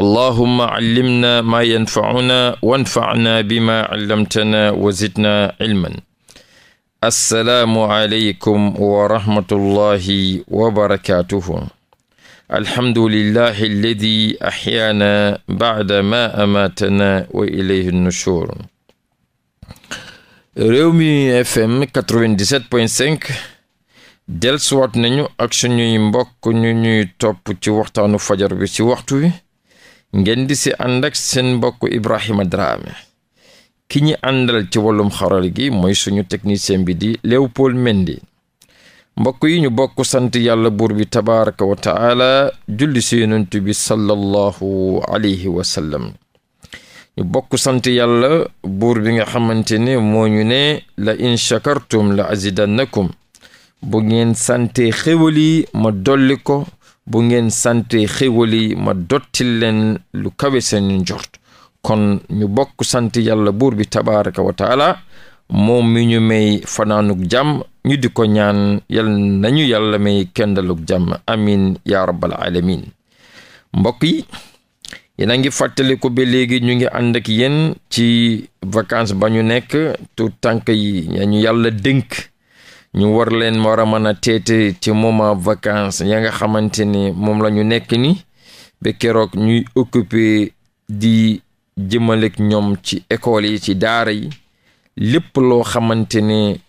allahuma callimna maa yanfacuna wanfacna bimaa callamtana wa zidna cilman assalaamu aleykum wa rahmatullahi wa barakaatuhu alhamdulillahi alladi axyaana bacda ma amaatana wa ilayhi nushur Rewmi FM 97.5 dellusiwaat nañu ak suñuy mbokk ñu ñuy topp ci waxtaanu fajar bi ci waxtu wi ngeen di si ànd ak seen mbokk Ibrahima Dramé ki ñi àndal ci wàllum xaral gi mooy suñu technicien bi di Léopold Mendy mbokk yi ñu bokk sant yàlla buur bi tabaraka wa taala julli si yonent bi sallallahu alayhi wa ñu bokk sant yàlla buur bi nga xamante ne moo ñu ne la in shakartum la azidannakum bu ngeen sante xéwal yi ma dolli ko bu ngeen sante xéwal yi ma dottil leen lu kawe seen njort kon ñu bokk sant yàlla buur bi tabaraka wa moom mi ñu may fanaanug jàmm ñu di ko ñaan yal nañu yàlla may kendalug jàmm amin ya rabbal mbokk yi yéen a ngi fàttali ko ba léegi ñu ngi ànd ak ci vacances ba ñu nekk tout tànk yi ñu yàlla dénk ñu war leen war a mën a teete ci moment vacances ya nga xamante ni moom lañu nekk ni ba keroog ñuy occupé di jimaleek ñoom ci école yi ci daara yi lépp loo xamante ni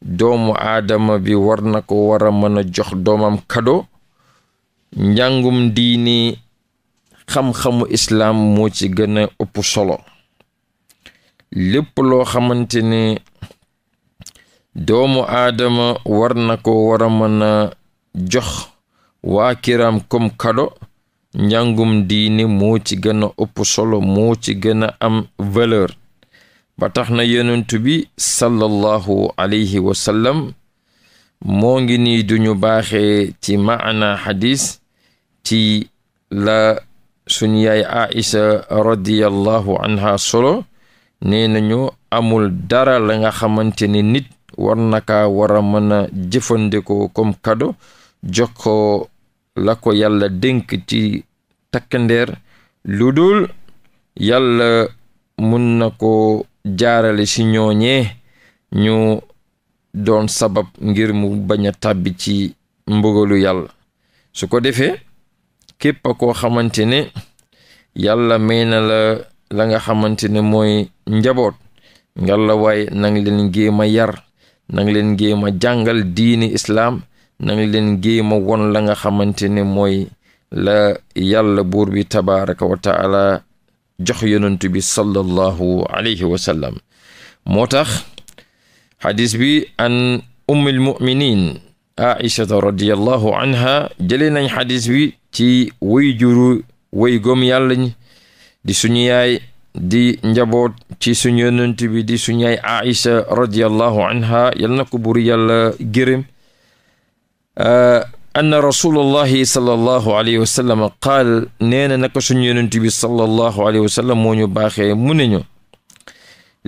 doomu aadama bi war na ko war a mën a jox doomam kado njàngum diini xam-xamu islaam moo ci gën a ëpp solo lépp loo xamante ni doomu aadama war na ko war a mën a jox waa kiram comme kado njàngum diine moo ci gën ëpp solo moo ci gën a am valeur ba tax na yonent bi sallallahu alayhi wa sallam moo ngi nii duñu baaxe ci maana xadis ci la suñu yaay Aisha radiyallahu anha solo nee amul dara la nga xamante ni nit war na wara war a mën a jëfandikoo comme cadeau jox ko la yàlla dénk ci takkandeer lu dul yàlla mun na ko jaarale ci ñooñee ñu doon sabab ngir mu bañ a tàbbi ci mbugalu yàlla su ko defee képp a koo xamante ne yàlla may la nga xamante ne mooy njaboot nga la waay nang leen géema yar na leen leen géema jàngal diini islaam nang nga leen géema won la nga xamante ne mooy la yàlla buur bi tabaraka wa jox yonent bi sallallahu alayhi wa sallam moo tax xadis bi an ummil muminin aishata radiallahu anha jëlee nañ xadis bi ci way juru way gom yàlla ñi di suñu di njaboot ci suñu yonent bi di suñu yaay Aïcha radiyallahu anha yal na ko buur yàlla gërëm uh, anna rasulullahi sallallahu alayhi wa sallam qaal nee na naka suñu yonent bi sallallahu alayhi wa sallam moo ñu baaxee mu ne ñu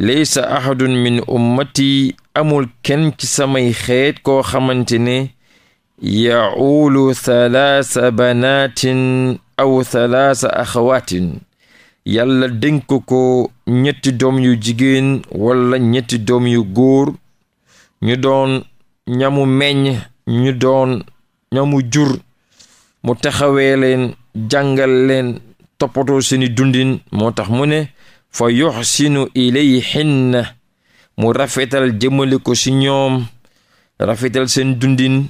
laysa ahadun min ummati amul kenn ci samay xeet koo xamante ne yacuulu thalaasa banaatin aw thalaasa axawaatin yàlla dénk ko ñetti doom yu jigéen walla ñetti doom yu góor ñu doon ñamu meññ ñu doon ñamu jur mu taxawee leen jàngal leen toppatoo seeni dundin moo tax mu ne fa yuxsinu na mu rafetal jëmale ko ci ñoom rafetal seen dundin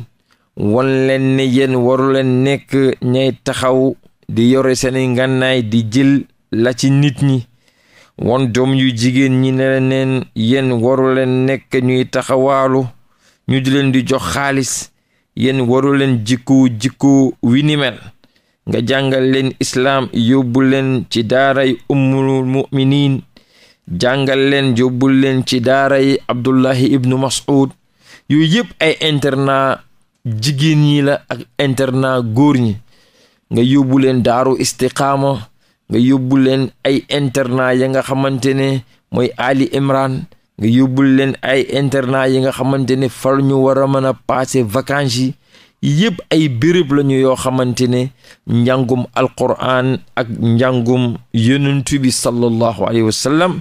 wan leen ne yéen waru leen nekk ñay taxaw di yore seeni ngànnaay di jël la ci nit ñi won doom yu jigéen ñi ne leen yéen waru leen nekk ñuy taxawaalu ñu di leen di jox xaalis yéen waru leen jikku jikku wi nga jàngal leen islaam yóbbu leen ci daaray ummul muminin jàngal leen yóbbu leen ci daaray abdullahi ibnu mas'ud yooyu yëpp ay internat jigéen ñi la ak internat góor ñi nga yóbbu leen daaru istiqaama nga yóbbu leen ay internat ya nga xamante ne mooy Ali Imran nga yóbbul leen ay internat yi nga xamante ne far ñu war a mën a passer vacances yi yëpp ay béréb lañu yoo xamante ne njàngum alquran ak njàngum yonentu bi sallallahu alayhi wa sallam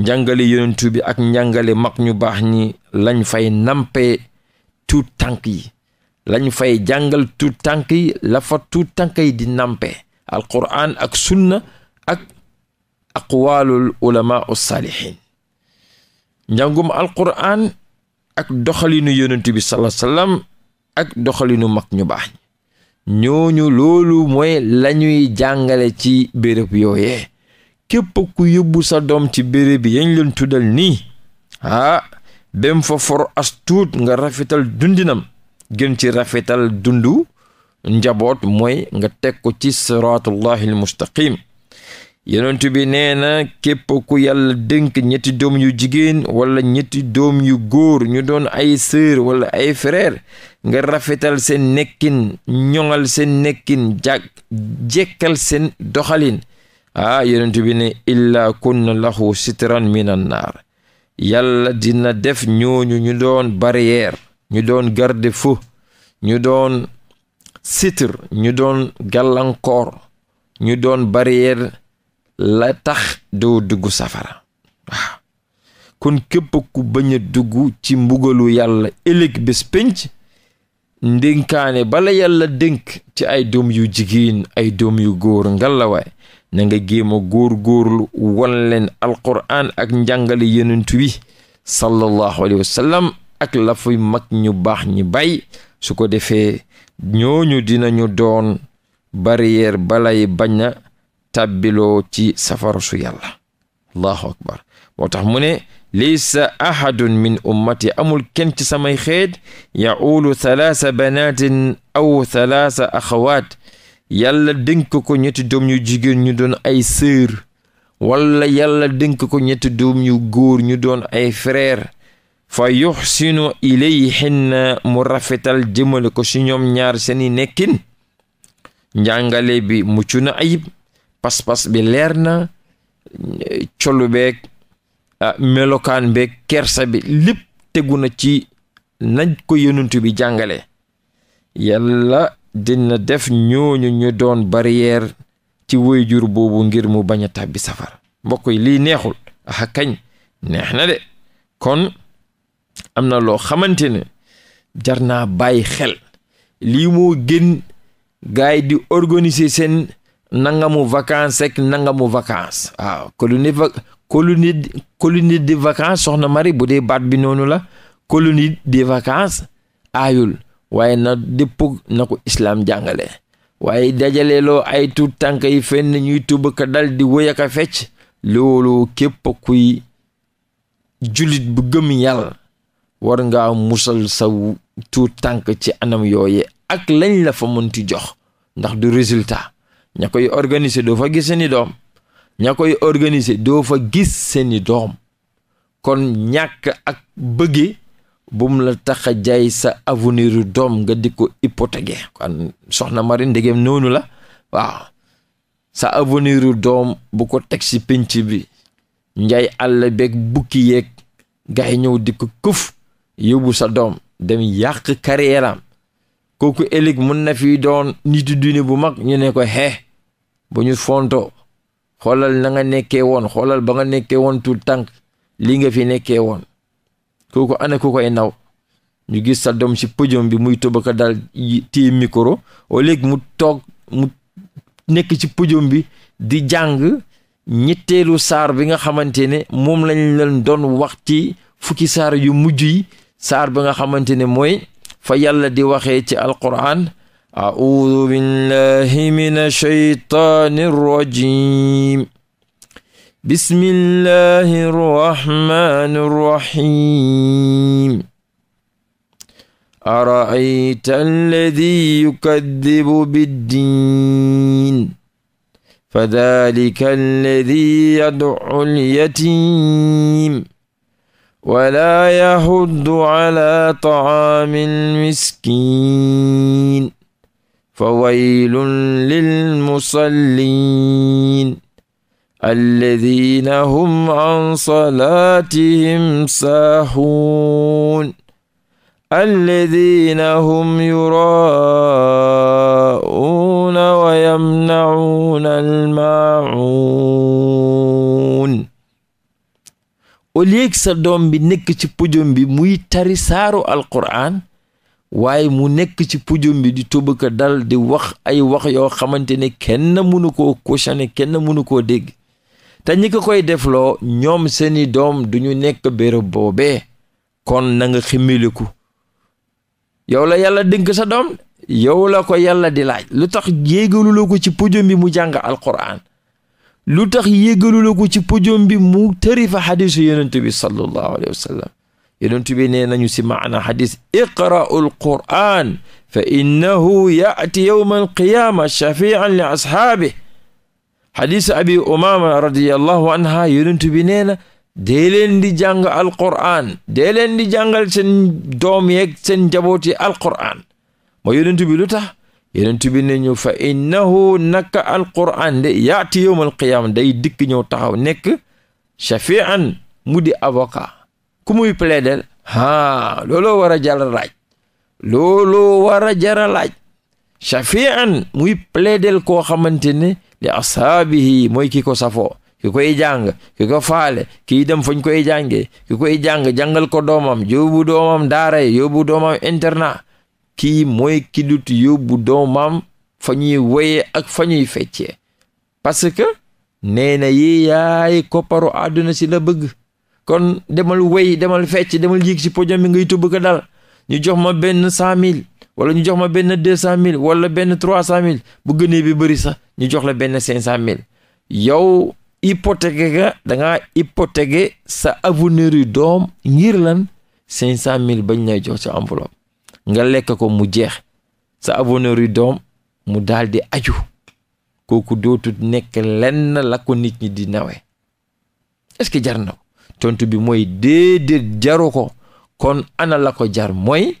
njàngale yonentu bi ak njàngale mag ñu baax ñi lañ fay nampe tuut tànk yi lañu fay jàngal tuut tànk yi la fa tànk yi di nampe alquran ak sunna ak aqwaalul ulama saalihin njàngum alquran ak doxaliinu yonent bi sallallahu alayhi wasallam ak doxalinu mag ñu baax ñooñu loolu mooy lañuy jàngale ci béréb yooyee képp ku yóbbu sa doom ci béréb bi yañ leen tuddal nii ah bem fa for nga rafetal dundinam gën ci rafetal dundu njaboot mooy nga teg ko ci siraatullahi al mustaqim yonent bi nee na képp ku yàlla dénk ñetti doom yu jigéen wala ñetti doom yu góor ñu doon ay sër wala ay frère nga rafetal seen nekkin ñoŋal seen nekkin jag jekkal seen doxalin ah yonent bi ne illaa kunna lahu sitran minan naar yàlla dina def ñooñu ñu doon barrière ñu doon garde-fou ñu doon sitir ñu doon gàllankoor ñu doon barrière la tax doo dugg safara waaw kon képp ku bañ dugg ci mbugalu yàlla ëllëg bés pénc ndénkaane bala yàlla dénk ci ay doom yu jigéen ay doom yu góor ngalawaay na nga géem a góor góorlu wan leen alquran ak njàngale yenent wi sallallahu alayhi wa ak la fuy mag ñu baax ñi bay su ko defee ñooñu dinañu doon barrière balay bañ a tàbbiloo ci safaru su yàlla allahu akbar moo tax mu ne laysa ahadun min ummati amul kenn ci samay xeet yaulu thalaasa banaatin aw thalaasa axawaat yàlla dénk ko ñetti doom yu jigéen ñu doon ay sœur walla yàlla dénk ko ñetti doom yu góor ñu doon ay freer fa yuxsinu ilayhinna mu rafetal jëmale ko si ñoom ñaar seeni nekkin njàngale bi mucc na ayib pas-pas bi leer na colu beeg melokaan beeg kersa bi lépp tegu na ci nañ ko yonentu bi jàngale yàlla dina def ñooñu ñu doon barrière ci wayjur boobu ngir mu bañ a tàbbi safar mbokk yi lii neexul aha kañ de kon am na loo xamante ne jar naa bàyyi xel lii moo gën gaay di organiser seen nangamu vacances ak nangamu vacances waaw colonie de vacances soxna Mari bu dee baat bi noonu la colonie de vacances aayul waaye na dëpp na ko islaam jàngale waaye dajaleeloo ay tuut tànk yi fenn ñuy tubaka dal di wëy ak a fecc loolu képp kuy jullit bu gëm yàlla war ngaa musal sa tuut tànk ci anam yooye ak lañ la fa mënti jox ndax du résultat ña koy organiser doo fa gis seeni doom ña koy organiser doo fa gis seeni doom kon ñàkk ak bëgge bum la tax a jaay sa avenir doom nga di ko hypothéquer kon soxna mari ndegem noonu la waaw sa avenir doom bu ko teg ci pénc bi njaay àll beeg bukki yéeg gaa ñëw di ko këf yóbbu sa doom dem yàq carrière kooku ëllëg mën na fi doon nitu duni bu mag ñu ne ko xee bu ñu fontoo xoolal na nga nekkee woon xoolal ba nga nekkee woon tuut tànk lii nga fi nekkee woon kooku ana koy naw ñu gis sa doom ci pëjom bi muy tobaka dal téye micro au lieu mu toog mu nekk ci pëjom bi di jàng ñetteelu saar bi nga xamante ne moom lañ leen doon wax ci fukki saar yu mujj yi saar ba nga xamante ne mooy fa yàlla di waxee ci alquran audu billahi min ashaytaani rajim bismillahi rahmani rahim araayta alladi yukadibu biddin fadalika alladi yadcu lyatiim ولا يحض على طعام المسكين فويل للمصلين الذين هم عن صلاتهم ساهون الذين هم يراءون ويمنعون الماعون au lieu sa doom bi nekk ci pujum bi muy tari saaru alquran waaye mu nekk ci pujum bi di tëb ko dal di wax ay wax yoo xamante ne kenn mënu koo cautionné kenn mënu koo dégg te ñi ko koy defloo ñoom seeni doom duñu nekk béréb boobee kon na nga ximiliku yow la yàlla dénk sa doom yow la ko yàlla di laaj lu tax yéegalu ko ci pujum bi mu jàng alquran lu tax yégalu ci podium bi mu tëri fa xadisu yonent bi sallallahu alayhi wa sallam nañu si maana xadis iqra'ul qur'an fa innahu yaati yowma alqiyaama shafian li asxaabih xadisu abi umaama radiallahu anha yonent bi nee na dee leen di jàng alqur'an dee leen di jàngal seen doom yeg seen njaboot yi ma yonent bi tax yonent bi ne ñu fa innahu naka alquran de yaati yowmal qiyaama day dikk ñëw taxaw nekk shafian mu di avocat ku muy plaider haa looloo war a jaral laaj looloo war a jaral laaj muy plaider koo xamante ne li asaabihi mooy ki ko safo ki koy jàng ki ko faale kii dem fañ koy jàngee ki koy jàng jàngal ko doomam yóbbu doomam daara yóbbu doomam internat kii mooy ki dut yóbbu doomam fa ñuy woyee ak fa ñuy feccee parce que nee na yi yaay kopparu àdduna si la bëgg kon demal woy demal fecc demal yéeg si podium bi ngay tubb ko dal ñu jox ma benn cent mille wala ñu jox ma benn deux cent mille wala benn trois cent mille bu gënee bi bëri sax ñu jox la benn cinq mille yow hypothèque ga da ngaa sa avenir yu doom ngir lan cinq cent mille bañ lay jox sa enveloppe nga lekk ko mu jeex sa abonneur yi doom mu daldi di aju kooku dootul nekk lenn la ko nit ñi di nawe est-ce jar na ko tontu bi mooy déedéet jaru ko kon ana la ko jar mooy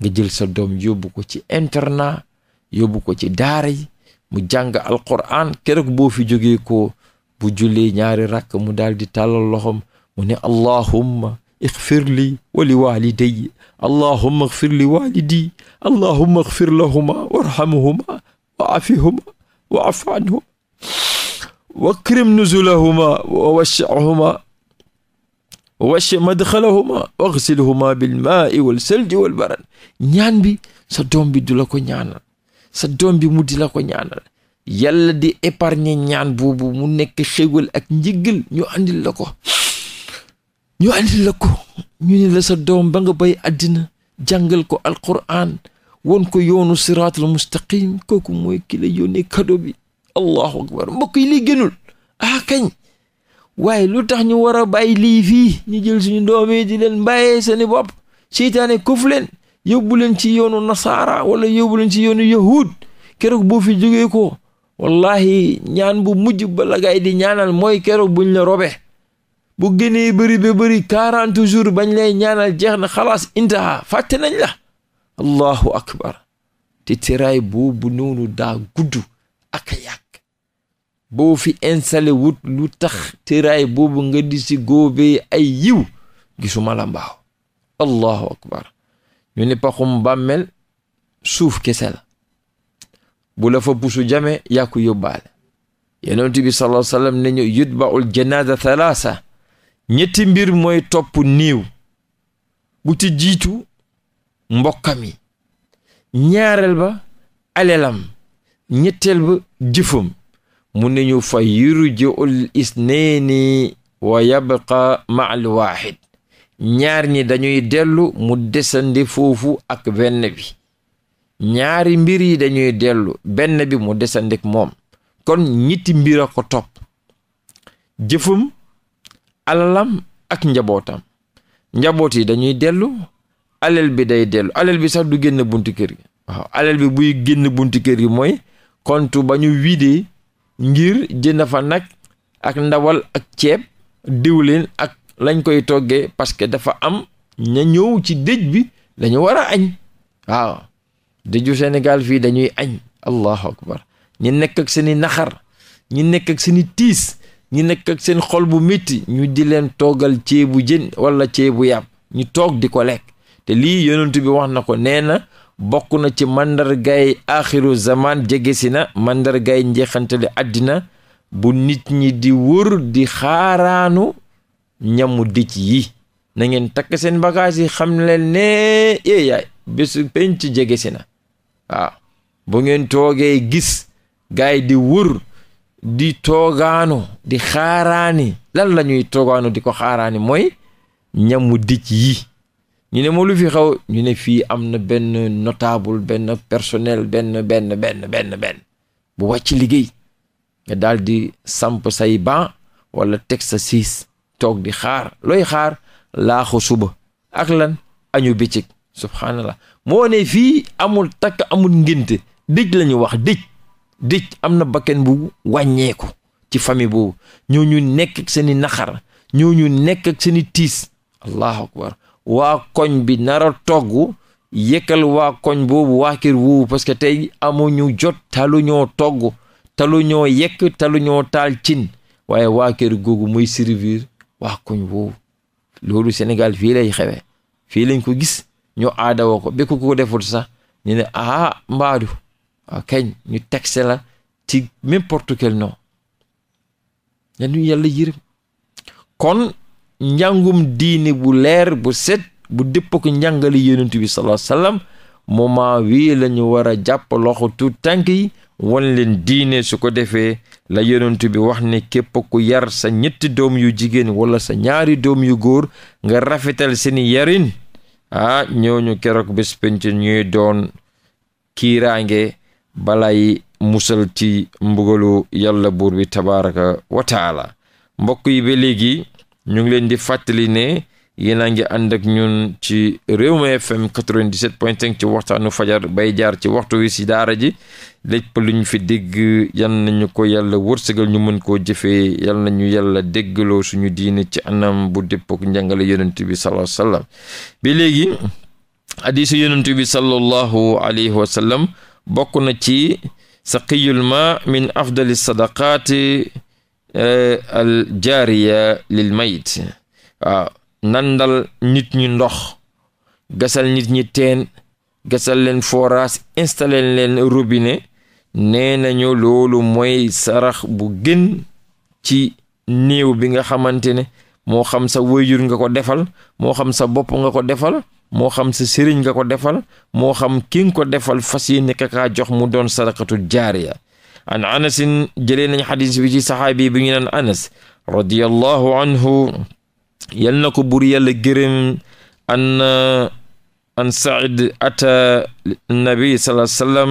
nga jël sa doom yóbbu ko ci internat yóbbu ko ci daara yi mu jàng alquran keroog boo fi jógee ko bu jullee ñaari rakk mu daal di tàllal loxom mu ne allahumma اغفر لي ولوالدي اللهم اغفر لوالدي اللهم اغفر لهما وارحمهما وعافهما واعف عنهما واكرم نزلهما ووسعهما wacce madxalahuma waxsilhuma bilmaai walsalji walbaran ñaan bi sa doom bi du la ko ñaanal sa doom bi mu di la ko ñaanal yàlla di épargner ñaan boobu mu nekk xéwal ak njëggal ñu andil la ko ñu andi la ko ñu ni la sa doom ba nga bay àddina jàngal ko alquran won ko yoonu siraatul mustaqim kooku mooy ki la yónnee kado bi allahu akbar mbokk yi lii gënul ah waaye lu tax ñu war a bàyyi lii fii ñu jël suñu doom yi di leen bàyyee seeni bopp seytaane kuf leen yóbbu leen ci yoonu nasaara wala yóbbu leen ci yoonu yahud keroog boo fi jógee ko wallahi ñaan bu mujj ba la gaay di ñaanal mooy keroog buñ la robee bu gënee bëri ba bëri quarante jours bañ lay ñaanal jeex na xalaas intaha fàtte nañ la allahu akbar te teraay boobu noonu daa gudd ak yàgg boo fi installé wut lu tax teraay boobu nga di si góobee ay yiw gisuma la allahu akbar ñu ne paxum bàmmel suuf kese la bu la fa pusu jame yaa ko yóbbaale yonent bi sallallahu alayhi wa sallam ne ñu yutba'ul janaza thalatha ñetti mbir mooy topp niiw bu ci jiitu mbokkam yi ñaareel ba alelam ñetteel ba jëfam mu ne ñu fa yurjiul isneeni wa yabqa maal waaxid ñaar ñi dañuy dellu mu desandi foofu ak benn bi yi dañuy dellu benn bi mu desandi ak moom kon ñetti mbir ko topp jëfam alalam ak njabootam njaboot yi dañuy dellu alal bi day dellu alal bi sax du génn buntu kër gi waaw alal bi buy génn buntu kër gi mooy kontu ba ñu wiidee ngir jënd fa nag ak ndawal ak ceeb diwlin ak lañ koy toggee parce que dafa am ña ñëw ci dëj bi dañu war a añ waaw dëju Sénégal fii dañuy añ allahu akbar ñi nekk ak seeni naxar ñi nekk ak seeni tiis ñi nekk ak seen xol bu métti ñu di leen toogal ceebu jën wala ceebu yàpp ñu toog di ko lekk te lii yonent bi wax na ko nee na bokk na ci màndargaay axiru zaman jege si na màndargaay njeexantale àddina bu nit ñi di wër di xaaraanu ñamu dëcc yi na ngeen takk seen bagage yi xam leen ne ee eh, yaay penc jege si na waaw ngeen toogee gis gaay di wër di toogaanu di xaaraani lan la ñuy toogaanu di ko xaaraani mooy ñamu dëj yi ñu ne moo lu fi xaw ñu ne fii am na benn notable benn personnel benn benn benn benn benn bu wàcc liggéey nga daldi samp say ban wala teg sa siis toog di xaar looy xaar laaxu suba ak lan añu bëccëg subhaanallah moo ne fii amul takk amul ngénte dëj lañu wax dëj dëj am na bakken bu wàññeeku ci famille boobu ñoo nekk ak seen i naxar ñoo nekk ak seen tiis allahu akbar waa koñ bi nara togg yëkkal waa koñ boobu waa kër woowu parce que tey amuñu jot talu ñoo togg talu ñoo yekk talu ñoo taal cin waaye waa kër googu muy servir waa koñ woowu loolu Sénégal fii lay xewee fii lañ ko gis ñu aada ko bépp ko deful sax ñu ne ah mbaadu waaw kañ ñu texte la ci n'importe quel nom ñu yàlla kon njàngum diine bu leer bu set bu dëppoo ko njàngale yonent bi sallallahu alayhi wasallam moment wii la ñu war a jàpp loxo tuut tànk yi wan leen diine su ko defee la yonent bi wax ne képp ku yar sa ñetti doom yu jigéen walla sa ñaari doom yu góor nga rafetal seeni yarin ah ñooñu keroog bés penc doon kiiraange balay musal ci mbugalu yàlla buur bi tabaraka wa taala mbokk yi ba léegi ñu ngi leen di fàttali ne yéen a ngi ànd ak ñun ci Rewmi FM 97.5 ci waxtaanu fajar bay jaar ci waxtu wi si daara ji lépp lu ñu fi dégg yal nañu ko yàlla wërsëgal ñu mën koo jëfee yal nañu déggaloo suñu diine ci anam bu dëppook njàngale yonent bi sallallahu alayhi wa bokk na ci saqiyul ma min afdali sadaqaati eh, al jaariya lil mayit waaw nandal nit ñi ndox gasal nit ñi teen gasal leen forage installé leen robine nee nañu loolu mooy sarax bu gën ci néew bi nga xamante ne moo xam sa wéyjur nga ko defal moo xam sa bopp nga ko defal moo xam si sëriñ nga ko defal moo xam ki nga ko defal fas yéene ka kaa jox mu doon sadaqatu jaariya an anasin jëlee nañ xadis bi ci saxaabi bi ñu naan anas radiyallahu anhu yal na ko bur yàlla gërëm an an saad ata nabi sallallahu alayhi wasallam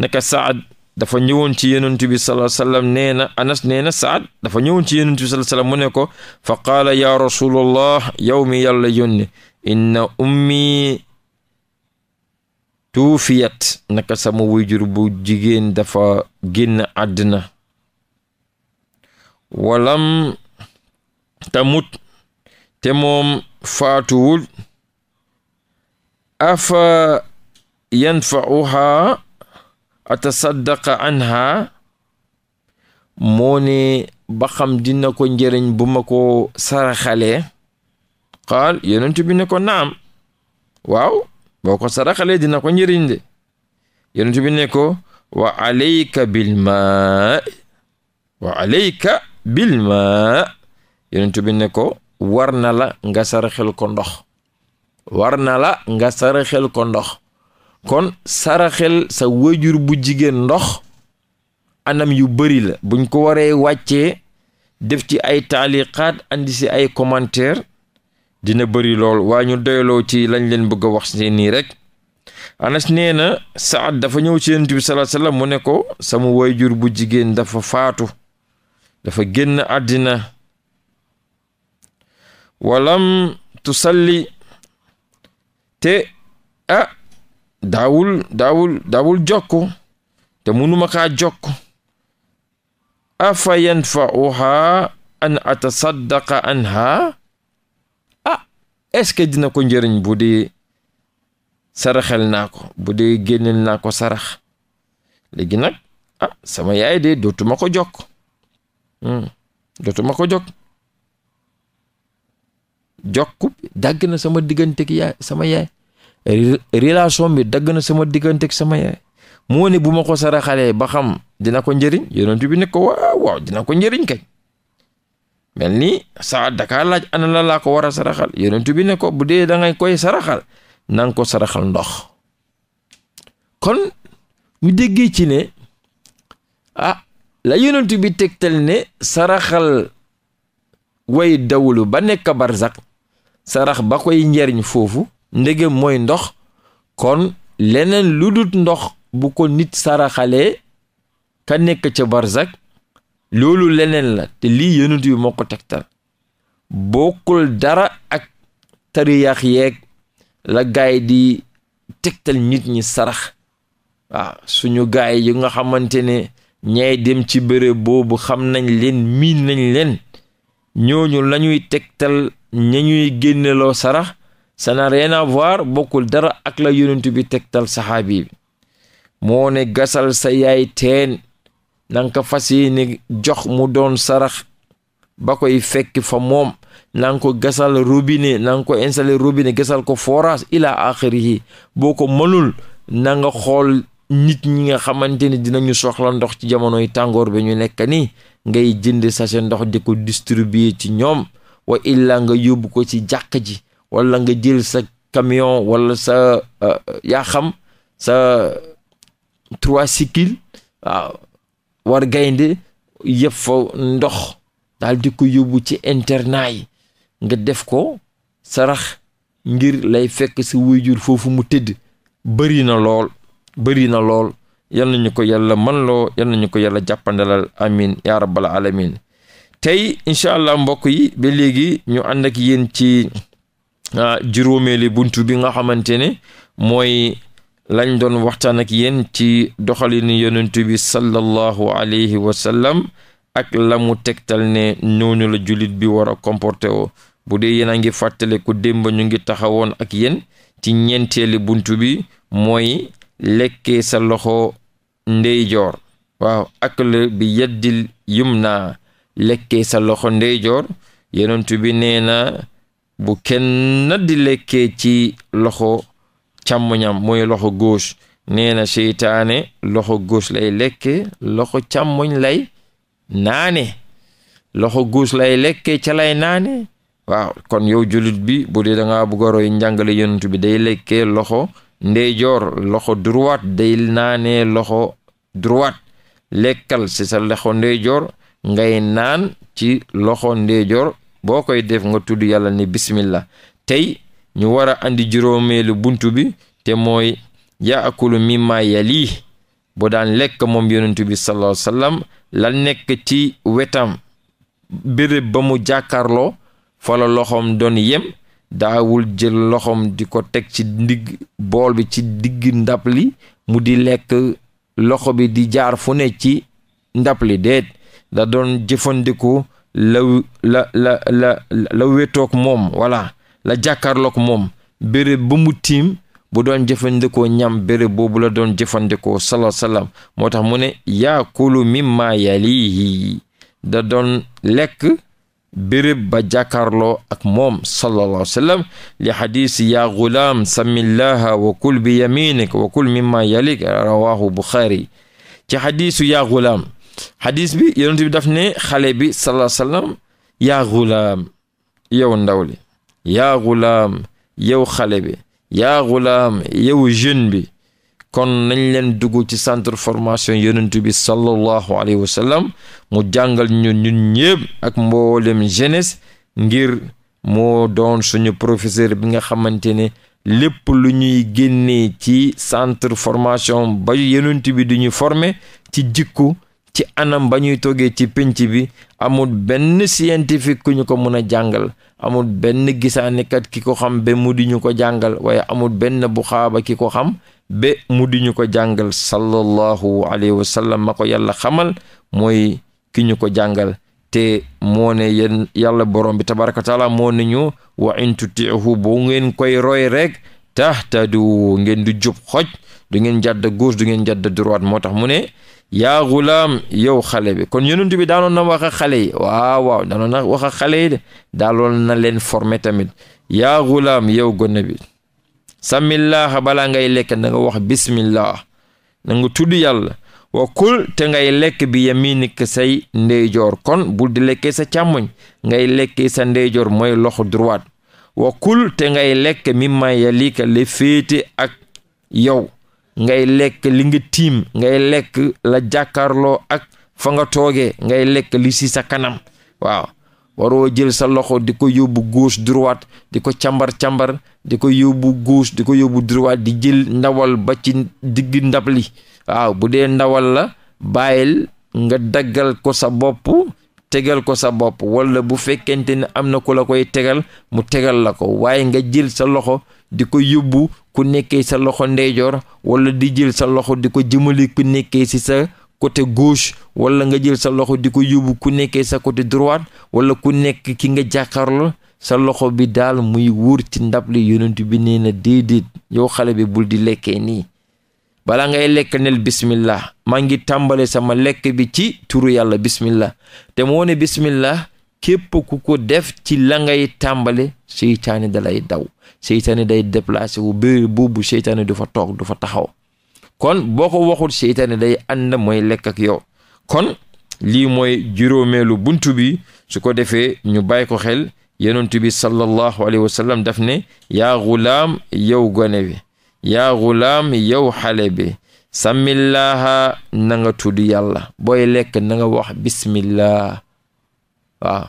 naka saad dafa ñëwoon ci yenentu bi sallallahu alayhi nee na anas nee na saad dafa ñëwoon ci yenentu bi sallallahu alayhi wasallam mu ne ko fa qaala ya rasulallah yow mi yàlla yónni inna ummi tuufiyat naka sama wuyjur bu jigéen dafa génn àddina walam tamut te moom faatuwul afa yanfa'uha atasaddaqa anha moo ne ba xam dina ko njëriñ bu ma ko saraxale qaal yonent bi ne ko naam waaw boo ko saraxalee dina ko njëriñ de yonent bi ne ko wa alayka bil maa wa alayka bil maa yonent bi ne ko war na la nga saraxel ko ndox war na la nga saraxel ko ndox kon saraxel sa wajur bu jigéen ndox anam yu bari la buñ ko waree wàccee def ci ay taaliqaat andi si ay commentaire dina bari lool waañu ñu doyloo ci lañ leen bëgg a wax si nii rek anas nee na saad dafa ñëw ci yonent bi salaa salaam mu ne ko sama wayjur bu jigéen dafa faatu dafa génn àddina walam salli te ah daawul daawul daawul jokk te munuma kaa jokk afa yanfa'uha an atasaddaqa anha est-ce que dina ko njëriñ bu dee saraxel naa ko bu dee génneel naa ko sarax léegi nag ah sama yaay de dootuma ko jokk hmm. dootuma ko jokk jokkub dagg na sama diggantek yaay sama yaay relation bi dagg na sama diggantek sama yaay moo ne bu ma ko saraxalee ba xam dina ko njëriñ yonent bi ne ko waaw waaw dina ko njëriñ kay mel ni Saad daka laaj ana la laa ko war a saraxal yonent bi ne ko bu dee da ngay koy saraxal na ko saraxal ndox kon mu déggee ci ne a ah, la yonent bi tegtal ne saraxal way dawlu ba nekk barsak sarax ba koy njariñ foofu ndegem mooy ndox kon leneen lu dut ndox bu ko nit saraxalee ka nekk ca barsak loolu leneen la te lii yonent bi ko tegtal bokkul dara ak tariyax yeeg la gaay di tegtal nit ñi sarax waaw suñu gaay yi nga xamante ne ñay dem ci bërëb boobu xam nañ leen miin nañ leen ñooñu lañuy tegtal ñañuy génneloo sarax ça n'a bokkul dara ak la yonent bi tegtal saxaabi bi moo ne gasal sa yaay teen na nga ko fas jox mu doon sarax ba koy fekk fa moom na ko gasal robinet na ko installé robinet gasal ko forage ila yi boo ko mënul nanga xool nit ñi nga xamante ne dinañu soxla ndox ci jamonoy tàngoor bi ñu nekk nii ngay jënd sachet ndox di ko distribuer ci ñoom wa illa nga yóbbu ko ci jàq ji walla nga jël sa kamiyon walla sa euh, yaa xam sa trois cycle waaw war gaynde yëpp fa ndox daal di ko yóbbu ci internat yi nga def ko sarax ngir lay fekk si wuy jur foofu mu tëdd bëri na lool bëri na lool yal nañu ko yàlla man loo yal nañu ko yàlla jàppandalal amin ya alamin tey incha allah mbokk yi ba léegi ñu ànd ak yéen ci ah, juróomeeli buntu bi nga xamante ne mooy lañ doon waxtaan ak yéen ci doxalinu yonent bi sallallahu alayhi wa sallam ak la mu tegtal ne noonu la jullit bi war a comporté woo bu dee yéen a ngi fàttale démb ñu ngi taxawoon ak yenn ci ñeenteeli buntu bi mooy lekkee sa loxo ndeyjoor waaw ak la bi yeddil yum naa lekkee sa loxo ndeyjoor yonent bi nee na bu kenn di lekkee ci loxo càmmoñam mooy loxo gauche nee na seytaane loxo gauche lay lekke loxo càmmoñ lay naane loxo gauche lay lekke ca lay naane waaw kon yow jullit bi bu dee da ngaa bëgg a njàngale yonent bi day lekkee loxo ndeyjoor loxo droite day naanee loxo droite lekkal ci sa loxo ndeyjoor ngay naan ci loxo ndeyjoor boo koy def nga tudd yàlla ni bismillah tey ñu war a andi juróomeelu buntu bi te mooy yaakulu mimma yali bu daan lekk moom yonentu bi sallallahu alayhi wasallam la nekk ci wetam béréb ba mu jàkkaarloo fa loxoom doon yem daawul jël loxoom di ko teg ci ndigg bool bi ci digg ndab li mu di lekk loxo bi di jaar fu ne ci ndab li déet da doon jëfandiku la la la moom voilà la jàkkaarloog moom béréb ba mu tiim bu doon jëfandikoo ñam béréb boobu la doon jëfandikoo salaa salaam moo tax mu ne yaa yaakulu mimma yalihi da doon lekk bërëb ba jàkkaarloo ak moom sallallahu alayhi wa sallam li xadis yaa gulaam samillaha wa kul bi yaminik wa kul mimma yalik rawahu buxaari ci xadisu yaa gulaam xadis bi yonent bi daf ne xale bi sallallahu alayhi wa gulaam yow ndaw li yaa gulaam yow xale bi yaa gulaam yow jeune bi kon nañ leen dugg ci centre formation yonent bi sallallahu alayhi wa mu jàngal ñu ñun ñëpp ak mboolem jeunesse ngir moo doon suñu professeur bi nga xamante ne lépp lu ñuy génnee ci centre formation ba yonent bi du ñu former ci jikku ci anam ba ñuy toggee ci pénc bi amul benn scientifique ku ñu ko mën a jàngal amul benn gisaanekat ki ko xam ba mu di ko jàngal waaye amul benn buxaaba ki ko xam ba mu di ko jàngal sallallahu alayhi wa sallam ma yàlla xamal mooy ki ñu ko jàngal te moone ne yéen yàlla borom bi tabaraka wa taala moo ne ñu wa in ngeen koy roy rek du ngeen di jub xoj du ngeen jàdd gauche du ngeen jàdd droite moo tax mu ne yaa gulaam yow xale bi kon yonent bi daanoon na wax a xale yi waaw daanoon na wax a xale yi de na leen formé tamit yaa gulaam yow gone bi sàmmillah balaa ngay lekk na wax bismillah na nga tudd yàlla wa kul te ngay lekk bi yaminik say ndeyjoor kon bul di lekkee sa càmmoñ ngay lekk sa ndeyjoor mooy loxo droite wa kul te ngay lekk mimma yalika le féete ak yow ngay lekk li nga tiim ngay lekk la jàkkaarloo ak fa nga toogee ngay lekk li si sa kanam waaw waroo jël sa loxo di ko yóbbu gauche droite di ko càmbar-càmbar di ko yóbbu gauche di ko yóbbu droite di jël ndawal ba ci digg ndab li waaw bu dee ndawal la bàyyil nga daggal ko sa bopp tegal ko sa bopp wala bu fekkente ne am na ko la koy tegal mu tegal la ko waaye nga jël sa loxo di ko yóbbu ku nekkee sa loxo ndeyjoor wala di jël sa loxo di ko jëmali ku nekkee ci sa côté gauche wala nga jël sa loxo di ko yóbbu ku nekkee sa côté droite wala ku nekk ki nga jàkkaarloo sa loxo bi daal muy wóor ci ndab li yonent bi nee na déedéet yow xale bi bul di lekkee nii bala ngay lekk nel bismillah maa ngi tàmbale sama lekk bi ci turu yàlla bismillah te mu wone bismillah képp ku ko def ci la ngay tàmbale seytaane dalay daw seytaane day déplacé wu béer boobu seytaane du fa toog du fa taxaw kon boo ko waxul seytaane day ànd mooy lekk ak yow kon lii mooy juróomeelu bunt bi su ko defee ñu bàyyi ko xel yonent bi sallallahu alayhi wa daf ne yaa gulaam yow gone bi yaa gulaam yow xale bi sàmmillaaha na nga tudd yàlla booy lekk nanga wax bismillah waaw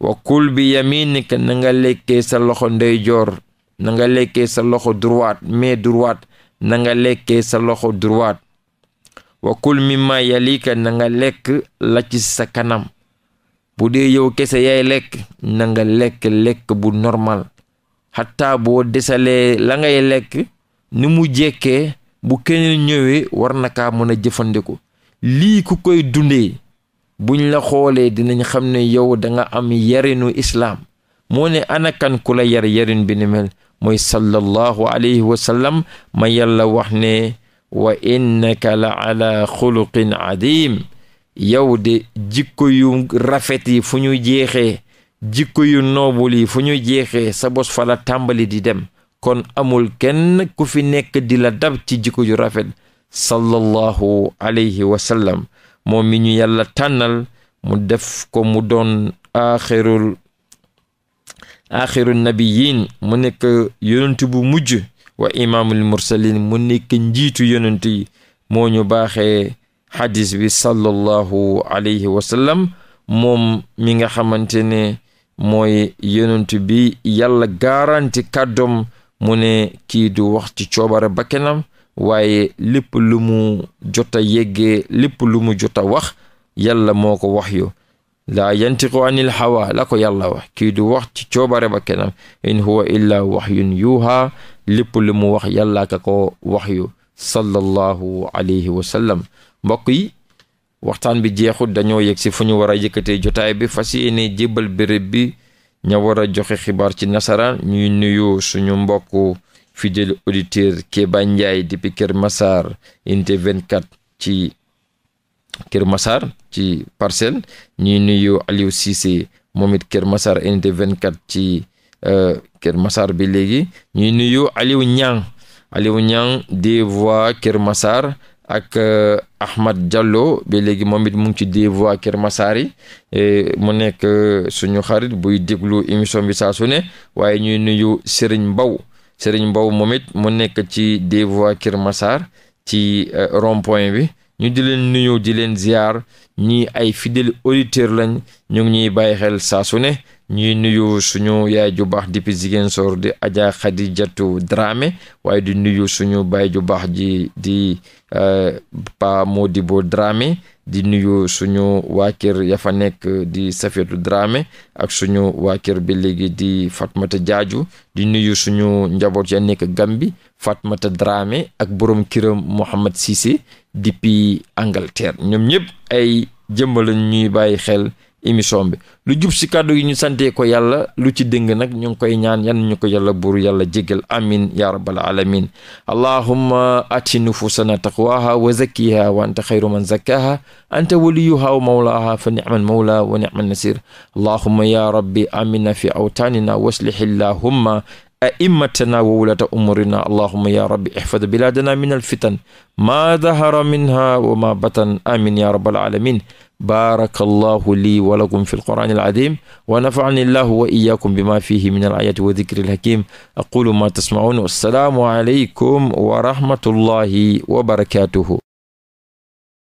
wa kul bi yaminika na nga lekkee sa loxo ndeyjoor nanga lekk sa loxo droite mais droite na nga lekkee sa loxo droite wa kul mimma yalika na nga lekk la sa kanam bu dee yow kese yaay lekk nanga nga lekk lekk bu normal xataa boo desalee la ngay lekk ni mu jekke bu keneen ñëwee war na kaa mën a jëfandiku lii ku koy dundee buñ la xoolee dinañ xam ne yow danga am yarinu islaam moo ne anakan ku la yar yarin bi mel mooy sallallahu alayhi wa ma yàlla wax ne wa innaka la ala xuluqin adim yow de jikko yu rafet yi fu ñuy jeexee jikko yu noobul yi fu ñuy jeexee sa bos fa tàmbali di dem kon amul kenn ku fi nekk di la dab ci jikko ju rafet sallallahu alayhi wa sallam moom mi ñu yàlla tànnal mu def ko mu doon axirul axiru nabiyin mu nekk yonent bu mujj wa imaamul mursalin mu nekk njiitu yonent yi moo ñu baaxee xadis bi sallallahu alayhi wa sallam moom mi nga xamante ne mooy yonent bi yàlla garanti kàddoom mu ne kii du wax ci coobare kenam waaye lépp lu mu jot a yeggee lépp lu mu jot a wax yàlla moo ko wax yu laa yantiqu anil hawa la ko yàlla wax kii du wax ci coobare bakkenam in huwa illa wahyun yuha lépp lu mu wax yàlla ka ko wax yu sallallahu alayhi wa sallam mbokk yi waxtaan bi jeexut dañoo yegg si fu ñu war a yëkkatee jotaay bi fas yéene jébbal béréb bi ña war a joxe xibaar ci nasaraan ñuy nuyu suñu mbokku fidèle auditeur Kéba Ndiaye depuis Kër Massar vingt 24 ci Kër Massar ci parcelle ñuy nuyu Aliou Cissé moom it Kër inter vingt 24 ci euh, Kër Massar bi léegi ñuy nuyu Aliou Niang Aliou Niang des voix Kër Massar ak euh, Ahmad Diallo ba léegi moomit it mu ci des voix Kër Massar yi mu nekk euh, suñu xarit buy déglu émission bi saa su ne waaye ñuy nuyu Serigne Mbow Serigne Mbow moom mu nekk ci des voix Kër Massar ci euh, rond-point bi ñu di leen nuyu di leen ziar ñii ay fidèles auditeurs lañ ñu ngi ñuy bàyyi xel saa su ne. ñuy nuyu suñu yaay ju baax depuis Ziguinchor di Adja Khadijatu Dramé waaye di nuyu suñu baay ju baax ji di euh, Pa Modibo Dramé di nuyu suñu waa kër ya fa nekk di Safiatou Dramé ak suñu waa kër bi léegi di Fatmata Jaaju di nuyu suñu njaboot ya nekk Gambi Fatmata Dramé ak borom kiram Mohamed Cissé depuis Angleterre ñoom ñëpp ay jëmbalañ ñuy bàyyi xel émission bi lu jub si kàddu yi ñu santee ko yàlla lu ci dëng nag ñu ngi koy ñaan yan ñu ko yàlla buur yàlla jégal amin ya rabbal alamin allahumma ati nufusana taqwaha wa zakkiha wa anta xayru man zakkaha anta waliyuha wa mawlaha fa ni'mal mawla wa ni'mal nasir allahumma ya rabbi amina fi awtanina waslih allahumma a'immatana wa wulata umurina allahumma ya rabbi ihfad biladana min alfitan ma amin ya rabbal alamin baarakallahu lii wa lakum fi alqur'ani alazim wa nafa'ani llahu wa iyyakum bima fihi min alayati wa dhikri alhakim aqulu ma tasma'un wassalaamu alaykum wa rahmatullahi wa barakatuhu